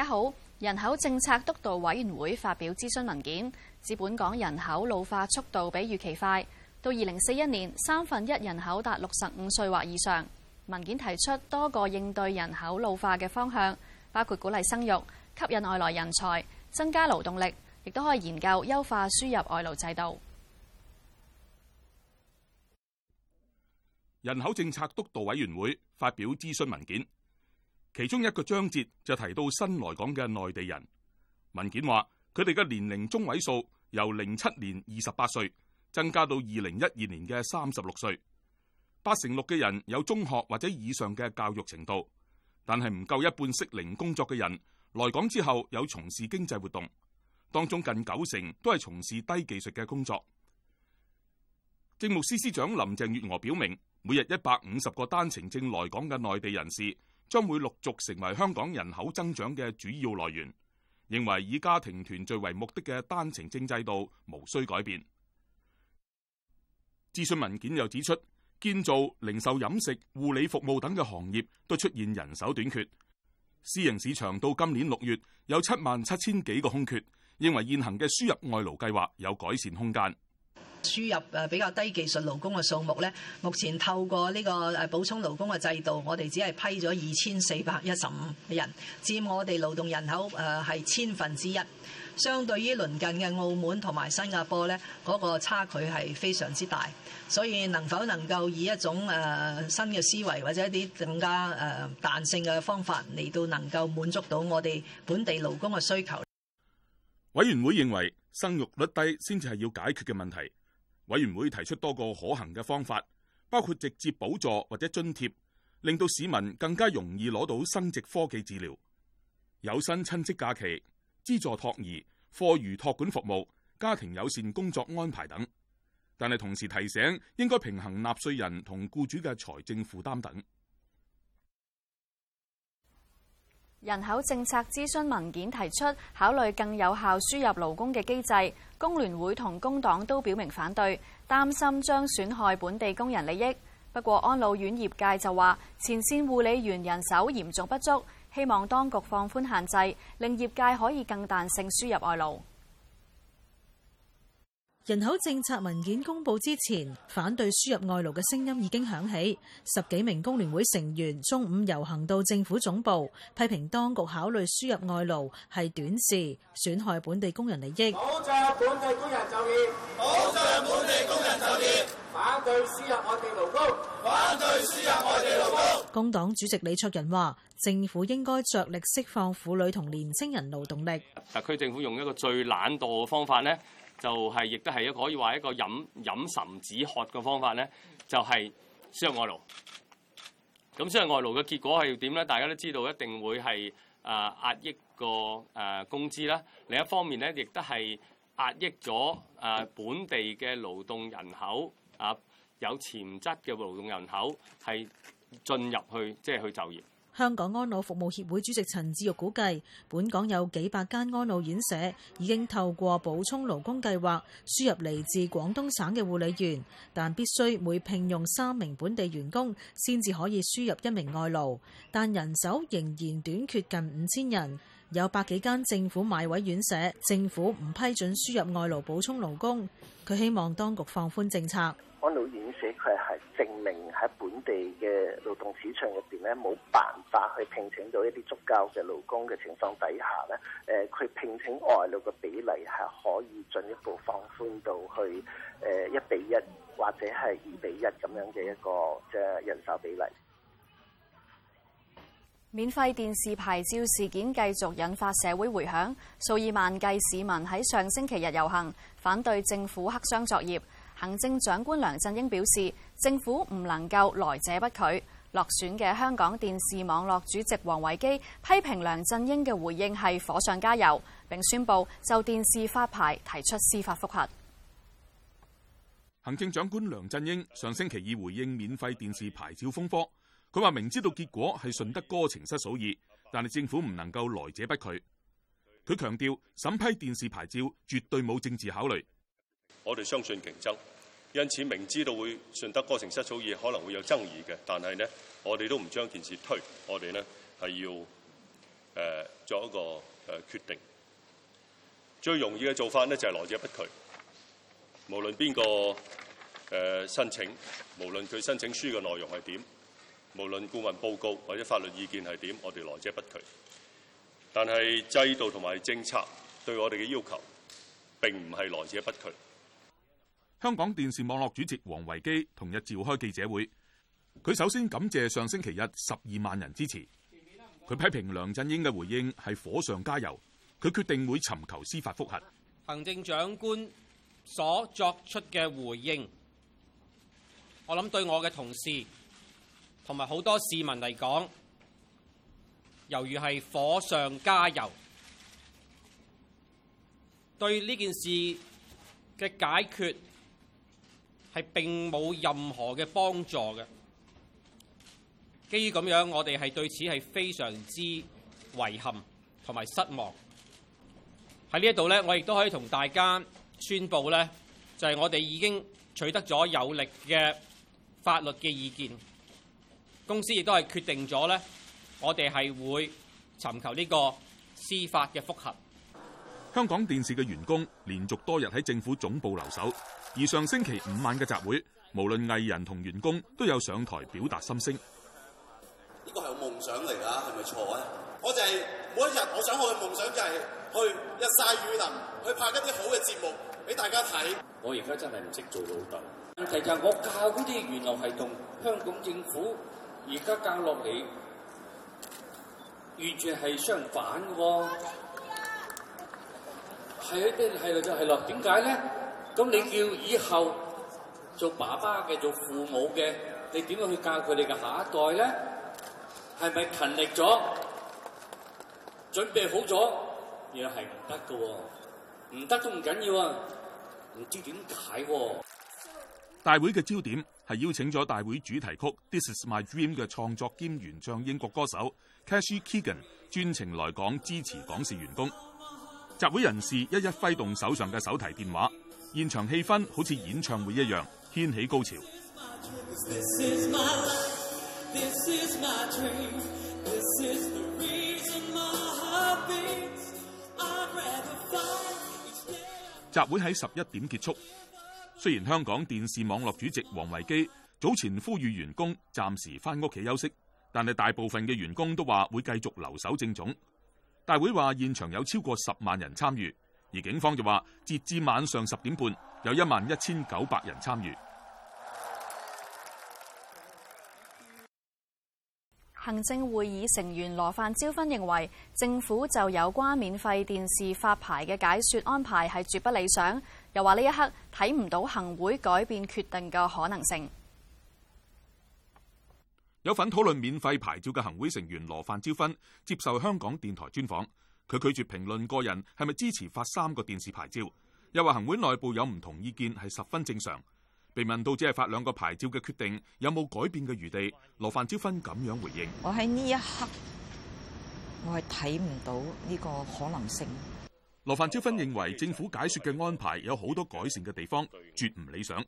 大家好，人口政策督導委員會發表諮詢文件，指本港人口老化速度比預期快，到二零四一年，三分一人口達六十五歲或以上。文件提出多個應對人口老化嘅方向，包括鼓勵生育，吸引外來人才、增加勞動力，亦都可以研究優化輸入外勞制度。人口政策督導委員會發表諮詢文件。其中一個章節就提到新來港嘅內地人，文件話佢哋嘅年齡中位數由零七年二十八歲增加到二零一二年嘅三十六歲，八成六嘅人有中學或者以上嘅教育程度，但係唔夠一半適齡工作嘅人來港之後有從事經濟活動，當中近九成都係從事低技術嘅工作。政務司司長林鄭月娥表明，每日一百五十個單程證來港嘅內地人士，將會陸續成為香港人口增長嘅主要來源，認為以家庭團聚為目的嘅單程證制度無需改變。諮詢文件又指出，建造、零售、飲食、護理服務等嘅行業都出現人手短缺，私營市場到今年六月有七萬七千幾個空缺，認為現行嘅輸入外勞計劃有改善空間。輸入誒比較低技術勞工嘅數目咧，目前透過呢個誒補充勞工嘅制度，我哋只係批咗二千四百一十五人，佔我哋勞動人口誒係千分之一，相對於鄰近嘅澳門同埋新加坡咧，嗰個差距係非常之大。所以能否能夠以一種誒新嘅思維或者一啲更加誒彈性嘅方法嚟到能夠滿足到我哋本地勞工嘅需求？委員會認為生育率低先至係要解決嘅問題。委員會提出多個可行嘅方法，包括直接補助或者津貼，令到市民更加容易攞到生殖科技治療；有薪親職假期、資助托兒、課餘托管服務、家庭友善工作安排等。但係同時提醒應該平衡納稅人同僱主嘅財政負擔等。人口政策諮詢文件提出考慮更有效輸入勞工嘅機制。工聯會同工黨都表明反對，擔心將損害本地工人利益。不過安老院業界就話，前綫護理員人手嚴重不足，希望當局放寬限制，令業界可以更彈性輸入外勞。人口政策文件公布之前，反對輸入外勞嘅聲音已經響起。十幾名工聯會成員中午遊行到政府總部，批評當局考慮輸入外勞係短視，損害本地工人利益。保障本地工人就業，保障本地工人就業反對輸入外地勞工，反對輸入外地勞工。外勞工黨主席李卓人話，政府應該着力釋放婦女同年青人勞動力。特區政府用一個最懶惰嘅方法呢。就係亦都係一可以話一個飲飲鴆止渴嘅方法咧，就係、是、輸入外勞。咁輸入外勞嘅結果係點咧？大家都知道一定會係啊、呃、壓抑個誒、呃、工資啦。另一方面咧，亦都係壓抑咗誒、呃、本地嘅勞動人口啊，有潛質嘅勞動人口係進入去即係、就是、去就業。香港安老服務協會主席陳志玉估計，本港有幾百間安老院舍已經透過補充勞工計劃輸入嚟自廣東省嘅護理員，但必須每聘用三名本地員工先至可以輸入一名外勞，但人手仍然短缺近五千人。有百幾間政府買位院舍，政府唔批准輸入外勞補充勞工，佢希望當局放寬政策。安老院舍證明喺本地嘅勞動市場入邊呢，冇辦法去聘請到一啲足夠嘅勞工嘅情況底下呢，誒佢聘請外勞嘅比例係可以進一步放寬到去誒一比一或者係二比一咁樣嘅一個即人手比例。免費電視牌照事件繼續引發社會回響，數以萬計市民喺上星期日遊行，反對政府黑箱作業。行政長官梁振英表示，政府唔能夠來者不拒。落選嘅香港電視網絡主席王維基批評梁振英嘅回應係火上加油，並宣布就電視發牌提出司法覆核。行政長官梁振英上星期已回應免費電視牌照風波，佢話明知道結果係順得哥情失嫂意，但係政府唔能夠來者不拒。佢強調審批電視牌照絕對冇政治考慮。我哋相信競爭，因此明知道會順得哥情失嫂意可能會有爭議嘅，但係呢，我哋都唔將件事推，我哋呢，係要誒作、呃、一個誒、呃、決定。最容易嘅做法呢，就係、是、來者不拒，無論邊個誒、呃、申請，無論佢申請書嘅內容係點，無論顧問報告或者法律意見係點，我哋來者不拒。但係制度同埋政策對我哋嘅要求，並唔係來者不拒。香港電視網絡主席王維基同日召開記者會，佢首先感謝上星期日十二萬人支持。佢批評梁振英嘅回應係火上加油，佢決定會尋求司法覆核。行政長官所作出嘅回應，我諗對我嘅同事同埋好多市民嚟講，由於係火上加油，對呢件事嘅解決。係並冇任何嘅幫助嘅。基於咁樣，我哋係對此係非常之遺憾同埋失望。喺呢一度呢，我亦都可以同大家宣布呢，就係我哋已經取得咗有力嘅法律嘅意見。公司亦都係決定咗呢，我哋係會尋求呢個司法嘅覆核。香港電視嘅員工連續多日喺政府總部留守。而上星期五晚嘅集會，無論藝人同員工都有上台表達心聲。呢個係我夢想嚟噶係咪錯咧？我就係每一日，我想我嘅夢想就係去一晒雨林，去拍一啲好嘅節目俾大家睇。我而家真係唔識做老豆。問題就係我教嗰啲原來係同香港政府而家教落嚟，完全係相反嘅。係定係咯，就係咯，點解咧？咁你叫以後做爸爸嘅、做父母嘅，你點樣去教佢哋嘅下一代咧？係咪勤力咗、準備好咗，又係唔得嘅？唔得都唔緊要啊！唔知點解、啊？大會嘅焦點係邀請咗大會主題曲《This Is My Dream》嘅創作兼原唱英國歌手 Cashy Keegan 專程來港支持港視員工。集會人士一一揮動手上嘅手提電話。現場氣氛好似演唱會一樣，掀起高潮。集會喺十一點結束。雖然香港電視網絡主席王維基早前呼籲員工暫時返屋企休息，但係大部分嘅員工都話會繼續留守正總。大會話現場有超過十萬人參與。而警方就話，截至晚上十點半，有一萬一千九百人參與。行政會議成員羅范椒芬認為，政府就有關免費電視發牌嘅解說安排係絕不理想，又話呢一刻睇唔到行會改變決定嘅可能性。有份討論免費牌照嘅行會成員羅范椒芬接受香港電台專訪。佢拒絕評論個人係咪支持發三個電視牌照，又話行會內部有唔同意見係十分正常。被問到只係發兩個牌照嘅決定有冇改變嘅餘地，羅范椒芬咁樣回應：「我喺呢一刻，我係睇唔到呢個可能性。」羅范椒芬認為政府解說嘅安排有好多改善嘅地方，絕唔理想。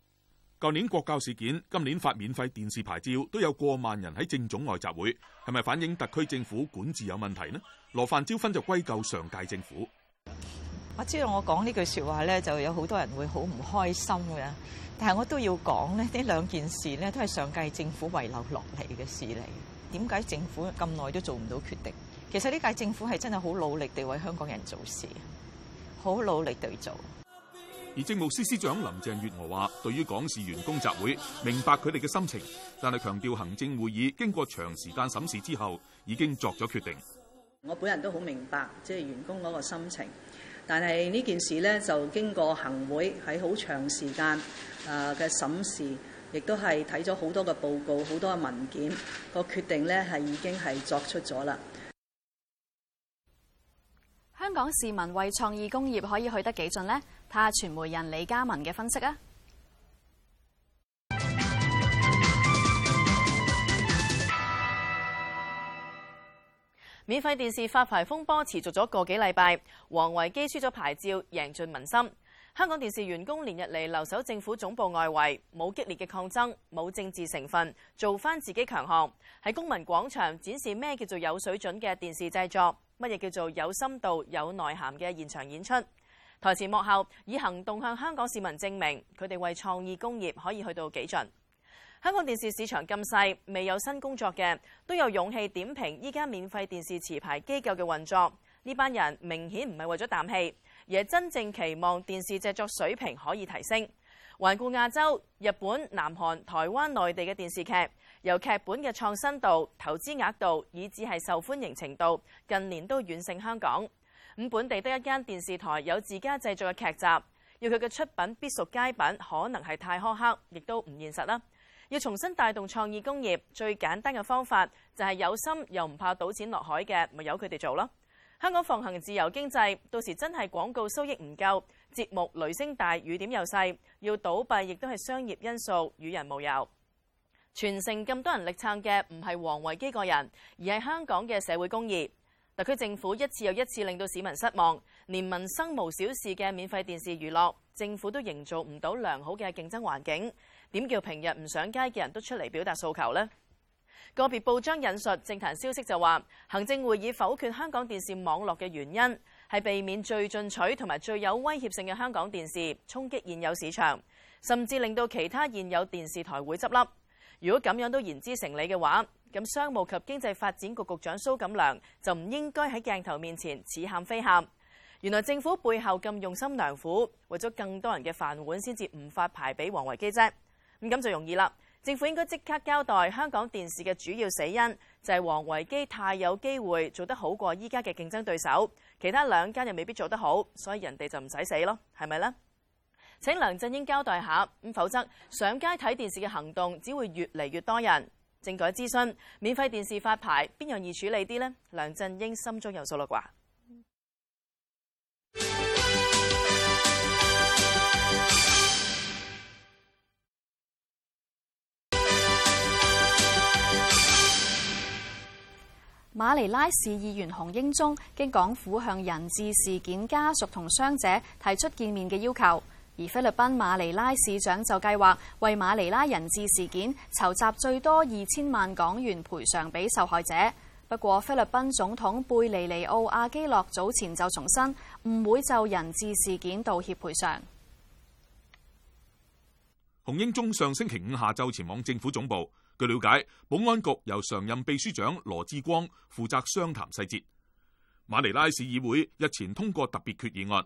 舊年國教事件，今年發免費電視牌照，都有過萬人喺政總外集會，係咪反映特區政府管治有問題呢？羅范椒芬就歸咎上屆政府。我知道我講呢句說話咧，就有好多人會好唔開心嘅，但係我都要講咧，呢兩件事呢，都係上屆政府遺留落嚟嘅事嚟。點解政府咁耐都做唔到決定？其實呢屆政府係真係好努力地為香港人做事，好努力地做。而政務司司長林鄭月娥話，對於港視員工集會，明白佢哋嘅心情，但係強調行政會議經過長時間審視之後，已經作咗決定。我本人都好明白，即係員工嗰個心情，但係呢件事咧就經過行會喺好長時間誒嘅審視，亦都係睇咗好多嘅報告、好多嘅文件，個決定咧係已經係作出咗啦。香港市民為創意工業可以去得幾盡呢？睇下傳媒人李家文嘅分析啊！免費電視發牌風波，持續咗個幾禮拜，王維基輸咗牌照，贏盡民心。香港電視員工連日嚟留守政府總部外圍，冇激烈嘅抗爭，冇政治成分，做翻自己強項，喺公民廣場展示咩叫做有水準嘅電視製作。乜嘢叫做有深度、有內涵嘅現場演出？台前幕後以行動向香港市民證明，佢哋為創意工業可以去到幾盡。香港電視市場咁細，未有新工作嘅都有勇氣點評依家免費電視持牌機構嘅運作。呢班人明顯唔係為咗啖氣，而真正期望電視製作水平可以提升。環顧亞洲、日本、南韓、台灣、內地嘅電視劇。由劇本嘅創新度、投資額度以至係受歡迎程度，近年都遠勝香港。咁本地得一間電視台有自家製作嘅劇集，要佢嘅出品必屬佳品，可能係太苛刻，亦都唔現實啦。要重新帶動創意工業，最簡單嘅方法就係有心又唔怕賭錢落海嘅，咪由佢哋做咯。香港奉行自由經濟，到時真係廣告收益唔夠，節目雷聲大雨點又細，要倒閉亦都係商業因素，與人無尤。全城咁多人力撐嘅唔係王維基個人，而係香港嘅社會公義。特區政府一次又一次令到市民失望，連民生無小事嘅免費電視娛樂，政府都營造唔到良好嘅競爭環境，點叫平日唔上街嘅人都出嚟表達訴求呢？個別報章引述政壇消息就話，行政會議否決香港電視網絡嘅原因係避免最進取同埋最有威脅性嘅香港電視衝擊現有市場，甚至令到其他現有電視台會執笠。如果咁樣都言之成理嘅話，咁商務及經濟發展局局長蘇錦良就唔應該喺鏡頭面前似喊非喊。原來政府背後咁用心良苦，為咗更多人嘅飯碗先至唔發牌俾王維基啫。咁就容易啦。政府應該即刻交代香港電視嘅主要死因，就係王維基太有機會做得好過依家嘅競爭對手，其他兩間又未必做得好，所以人哋就唔使死咯，係咪呢？請梁振英交代下，咁否則上街睇電視嘅行動，只會越嚟越多人。政改諮詢，免費電視發牌，邊樣易處理啲呢？梁振英心中有數啦啩。嗯、馬尼拉市議員洪英宗經港府向人質事件家屬同傷者提出見面嘅要求。而菲律賓馬尼拉市長就計劃為馬尼拉人質事件籌集最多二千萬港元賠償，俾受害者。不過，菲律賓總統貝尼尼奧阿基諾早前就重申唔會就人質事件道歉、賠償。洪英中上星期五下晝前往政府總部。據了解，保安局由常任秘書長羅志光負責商談細節。馬尼拉市議會日前通過特別決議案。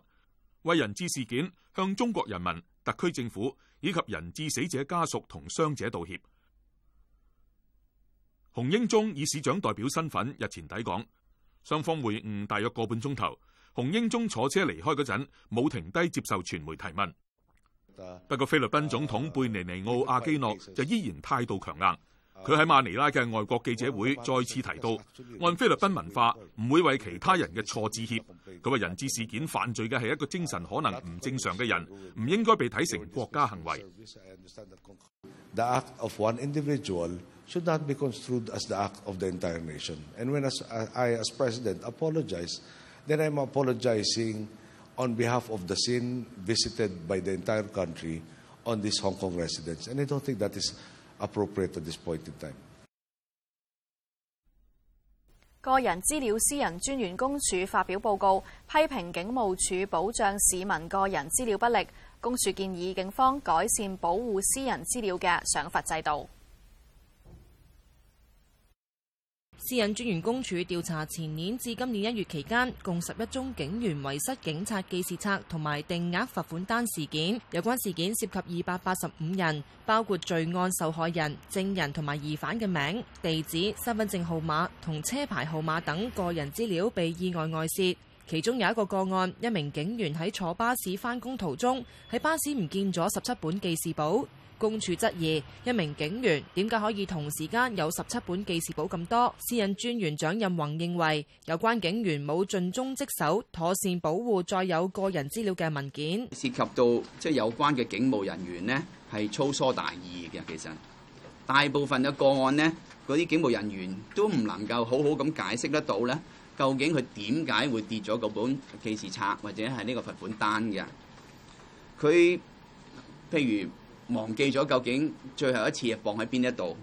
為人質事件向中國人民、特區政府以及人質死者家屬同傷者道歉。洪英宗以市長代表身份日前抵港，雙方會晤大約個半鐘頭。洪英宗坐車離開嗰陣，冇停低接受傳媒提問。不過但菲律賓總統貝尼尼奧·阿基諾就依然態度強硬。佢喺馬尼拉嘅外國記者會再次提到，按菲律賓文化，唔會為其他人嘅錯致歉。佢話人質事件犯罪嘅係一個精神可能唔正常嘅人，唔應該被睇成國家行為。The act of one 個人資料私隱專員公署發表報告，批評警務處保障市民個人資料不力。公署建議警方改善保護私人資料嘅賞罰制度。私隱專員公署調查前年至今年一月期間，共十一宗警員遺失警察記事冊同埋定額罰款單事件。有關事件涉及二百八十五人，包括罪案受害人、證人同埋疑犯嘅名、地址、身份證號碼同車牌號碼等個人資料被意外外洩。其中有一個個案，一名警員喺坐巴士返工途中，喺巴士唔見咗十七本記事簿。公署質疑一名警員點解可以同時間有十七本記事簿咁多？私隱專員蔣任宏認為，有關警員冇盡忠職守，妥善保護再有個人資料嘅文件，涉及到即係有關嘅警務人員咧，係粗疏大意嘅。其實大部分嘅個案咧，嗰啲警務人員都唔能夠好好咁解釋得到咧，究竟佢點解會跌咗嗰本記事冊或者係呢個罰款單嘅？佢譬如。忘記咗究竟最後一次係放喺邊一度，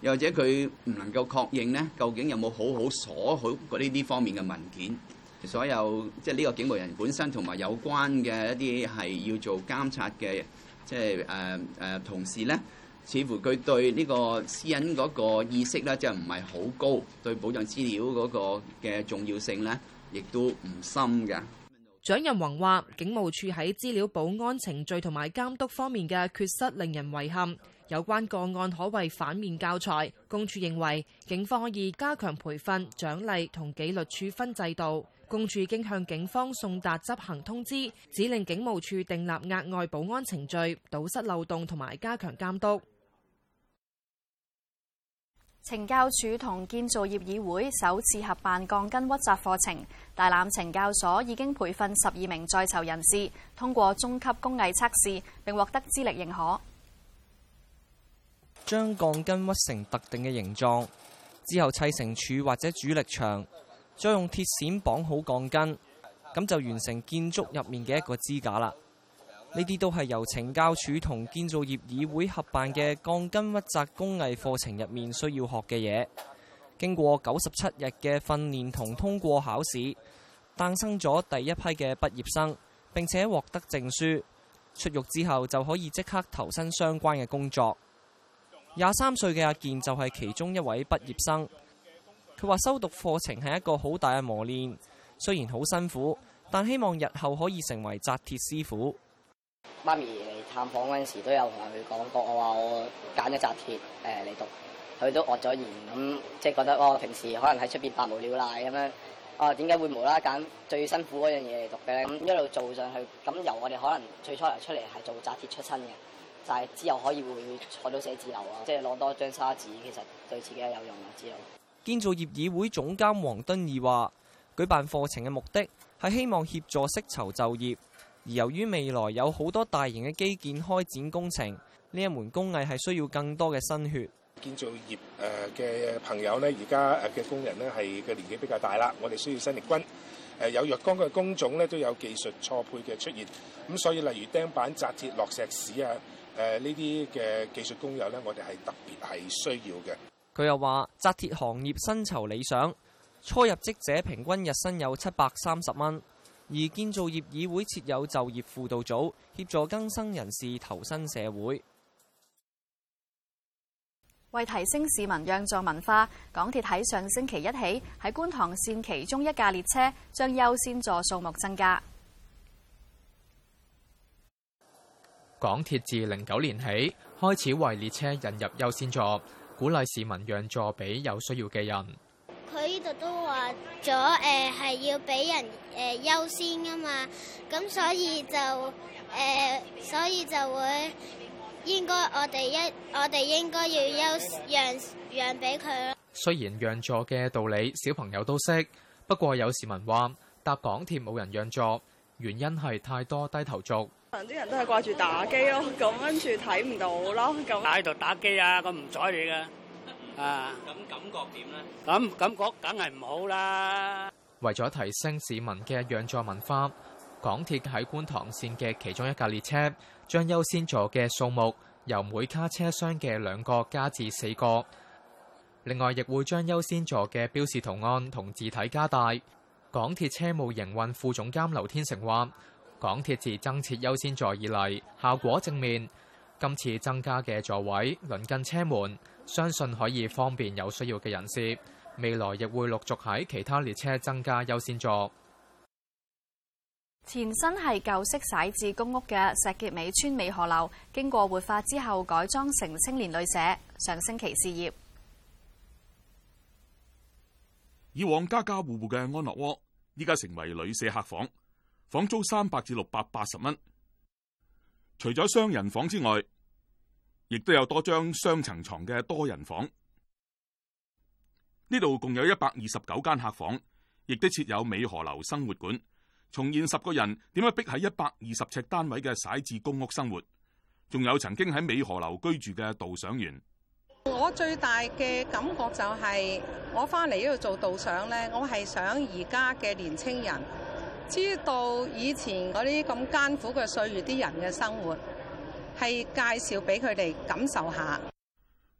又或者佢唔能夠確認咧，究竟有冇好好鎖好呢啲方面嘅文件？所有即係呢個警務人本身同埋有關嘅一啲係要做監察嘅，即係誒誒同事咧，似乎佢對呢個私隱嗰個意識咧，即係唔係好高，對保障資料嗰個嘅重要性咧，亦都唔深㗎。蔣任宏話：警務處喺資料保安程序同埋監督方面嘅缺失令人遺憾，有關個案可謂反面教材。公署認為警方可以加強培訓、獎勵同紀律處分制度。公署經向警方送達執行通知，指令警務處訂立額外保安程序、堵塞漏洞同埋加強監督。懲教署同建造業議會首次合辦鋼筋屈紮課程，大欖懲教所已經培訓十二名在囚人士通過中級工藝測試，並獲得資歷認可。將鋼筋屈成特定嘅形狀之後，砌成柱或者主力牆，再用鐵線綁好鋼筋，咁就完成建築入面嘅一個支架啦。呢啲都係由懲教署同建造業議會合辦嘅鋼筋屈紮工藝課程入面需要學嘅嘢。經過九十七日嘅訓練同通過考試，誕生咗第一批嘅畢業生，並且獲得證書。出獄之後就可以即刻投身相關嘅工作。廿三歲嘅阿健就係其中一位畢業生。佢話：修讀課程係一個好大嘅磨練，雖然好辛苦，但希望日後可以成為紮鐵師傅。媽咪嚟探訪嗰陣時都有同佢講過，我話我揀咗紮鐵誒嚟讀，佢都愕咗然咁，即係覺得我平時可能喺出邊百無聊賴咁樣，我點解會無啦啦揀最辛苦嗰樣嘢嚟讀嘅呢？咁一路做上去，咁由我哋可能最初嚟出嚟係做紮鐵出身嘅，就係之後可以會坐到寫字樓啊，即係攞多張砂紙，其實對自己係有用嘅。我知道。建造業議會總監黃敦義話，舉辦課程嘅目的係希望協助釋囚就業。而由於未來有好多大型嘅基建開展工程，呢一門工藝係需要更多嘅新血。建造業誒嘅朋友呢，而家誒嘅工人呢，係嘅年紀比較大啦，我哋需要新力軍。誒有若干嘅工種呢，都有技術錯配嘅出現，咁所以例如釘板、紮鐵、落石屎啊，誒呢啲嘅技術工友呢，我哋係特別係需要嘅。佢又話：紮鐵行業薪酬理想，初入職者平均日薪有七百三十蚊。而建造業議會設有就業輔導組協助更生人士投身社會。為提升市民讓座文化，港鐵喺上星期一起喺觀塘綫其中一架列車將優先座數目增加。港鐵自零九年起開始為列車引入優先座，鼓勵市民讓座俾有需要嘅人。都話咗誒，係、呃、要俾人誒優、呃、先啊嘛，咁所以就誒、呃，所以就會應該我哋一我哋應該要優讓讓俾佢咯。雖然讓座嘅道理小朋友都識，不過有市民話搭港鐵冇人讓座，原因係太多低頭族。啲人都係掛住打機咯，咁跟住睇唔到咯，咁喺度打機啊，咁唔睬你㗎。啊！咁感覺點呢？咁感覺梗係唔好啦。為咗提升市民嘅讓座文化，港鐵喺觀塘線嘅其中一架列車，將優先座嘅數目由每卡車廂嘅兩個加至四個。另外，亦會將優先座嘅標示圖案同字體加大。港鐵車務營運副總監劉天成話，港鐵自增設優先座以嚟，效果正面。今次增加嘅座位鄰近車門，相信可以方便有需要嘅人士。未來亦會陸續喺其他列車增加優先座。前身係舊式徙置公屋嘅石硤尾邨美荷樓，經過活化之後改裝成青年旅舍，上星期試業。以往家家戶戶嘅安樂窩，依家成為旅舍客房，房租三百至六百八十蚊。除咗雙人房之外，亦都有多張雙層床嘅多人房，呢度共有一百二十九間客房，亦都設有美荷樓生活館，重現十個人點樣逼喺一百二十尺單位嘅徙置公屋生活，仲有曾經喺美荷樓居住嘅導賞員。我最大嘅感覺就係我翻嚟呢度做導賞咧，我係想而家嘅年青人知道以前嗰啲咁艱苦嘅歲月，啲人嘅生活。係介紹俾佢哋感受下。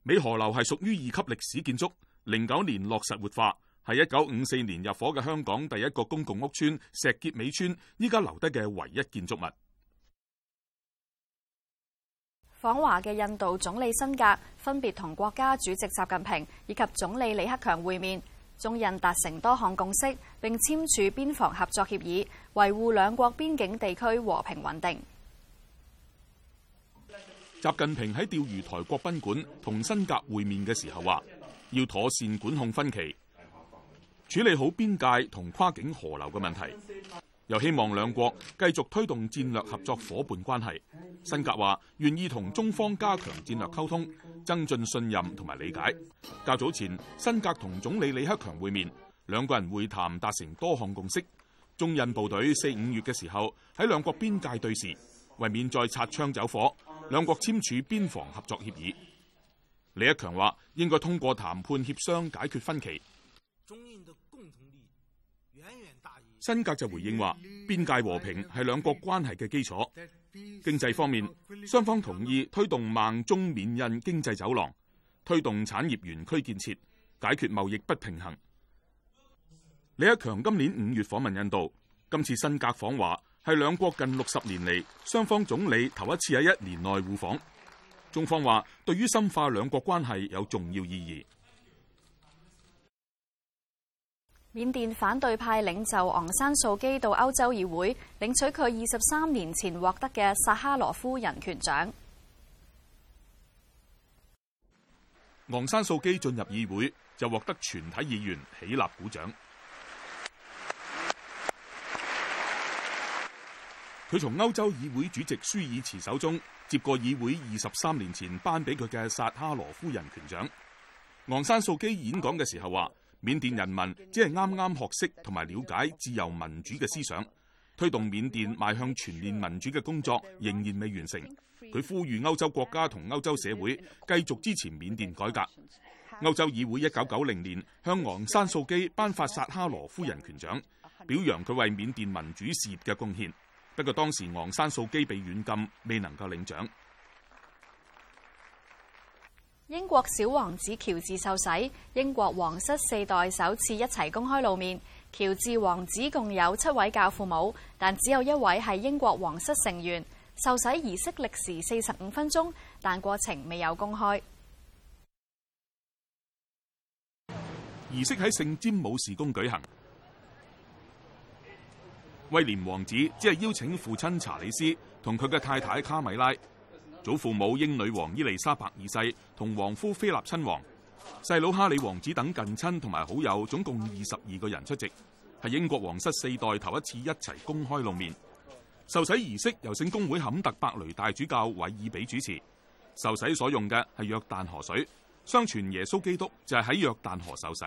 美荷樓係屬於二級歷史建築，零九年落實活化，係一九五四年入伙嘅香港第一個公共屋邨——石硖尾村，依家留低嘅唯一建築物。訪華嘅印度總理辛格分別同國家主席習近平以及總理李克強會面，中印達成多項共識，並簽署邊防合作協議，維護兩國邊境地區和平穩定。習近平喺釣魚台國賓館同辛格會面嘅時候話，要妥善管控分歧，處理好邊界同跨境河流嘅問題，又希望兩國繼續推動戰略合作伙伴關係。辛格話願意同中方加強戰略溝通，增進信任同埋理解。較早前，辛格同總理李克強會面，兩個人會談達成多項共識。中印部隊四五月嘅時候，喺兩國邊界對峙，為免再擦槍走火。兩國簽署邊防合作協議，李克強話應該通過談判協商解決分歧。辛格就回應話，邊界和平係兩國關係嘅基礎。經濟方面，雙方同意推動孟中緬印經濟走廊，推動產業園區建設，解決貿易不平衡。李克強今年五月訪問印度，今次辛格訪華。係兩國近六十年嚟，雙方總理頭一次喺一年內互訪。中方話，對於深化兩國關係有重要意義。緬甸反對派領袖昂山素姬到歐洲議會，領取佢二十三年前獲得嘅薩哈羅夫人權獎。昂山素姬進入議會，就獲得全體議員起立鼓掌。佢從歐洲議會主席舒爾茨手中接過議會二十三年前頒俾佢嘅薩哈羅夫人權獎。昂山素姬演講嘅時候話：緬甸人民只係啱啱學識同埋了解自由民主嘅思想，推動緬甸邁向全面民主嘅工作仍然未完成。佢呼籲歐洲國家同歐洲社會繼續支持緬甸改革。歐洲議會一九九零年向昂山素姬頒發薩哈羅夫人權獎，表揚佢為緬甸民主事業嘅貢獻。不過當時昂山素姬被軟禁，未能夠領獎。英國小王子喬治受洗，英國皇室四代首次一齊公開露面。喬治王子共有七位教父母，但只有一位係英國皇室成員。受洗儀式歷時四十五分鐘，但過程未有公開。儀式喺聖詹姆士宮舉行。威廉王子只係邀請父親查理斯同佢嘅太太卡米拉，祖父母英女王伊麗莎白二世同王夫菲臘親王，細佬哈利王子等近親同埋好友，總共二十二個人出席，係英國皇室四代頭一次一齊公開露面。受洗儀式由聖公會坎特伯雷大主教韋爾比主持，受洗所用嘅係約旦河水，相傳耶穌基督就係喺約旦河受洗。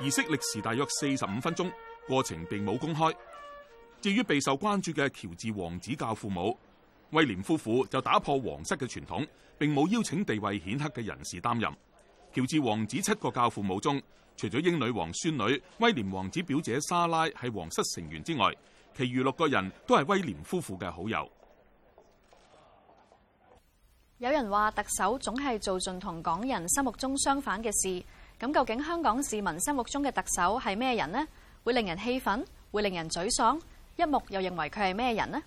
儀式歷時大約四十五分鐘。過程並冇公開。至於備受關注嘅喬治王子教父母威廉夫婦，就打破皇室嘅傳統，並冇邀請地位顯赫嘅人士擔任。喬治王子七個教父母中，除咗英女王孫女威廉王子表姐莎拉係皇室成員之外，其餘六個人都係威廉夫婦嘅好友。有人話特首總係做盡同港人心目中相反嘅事，咁究竟香港市民心目中嘅特首係咩人呢？會令人氣憤，會令人沮喪。一目又認為佢係咩人呢？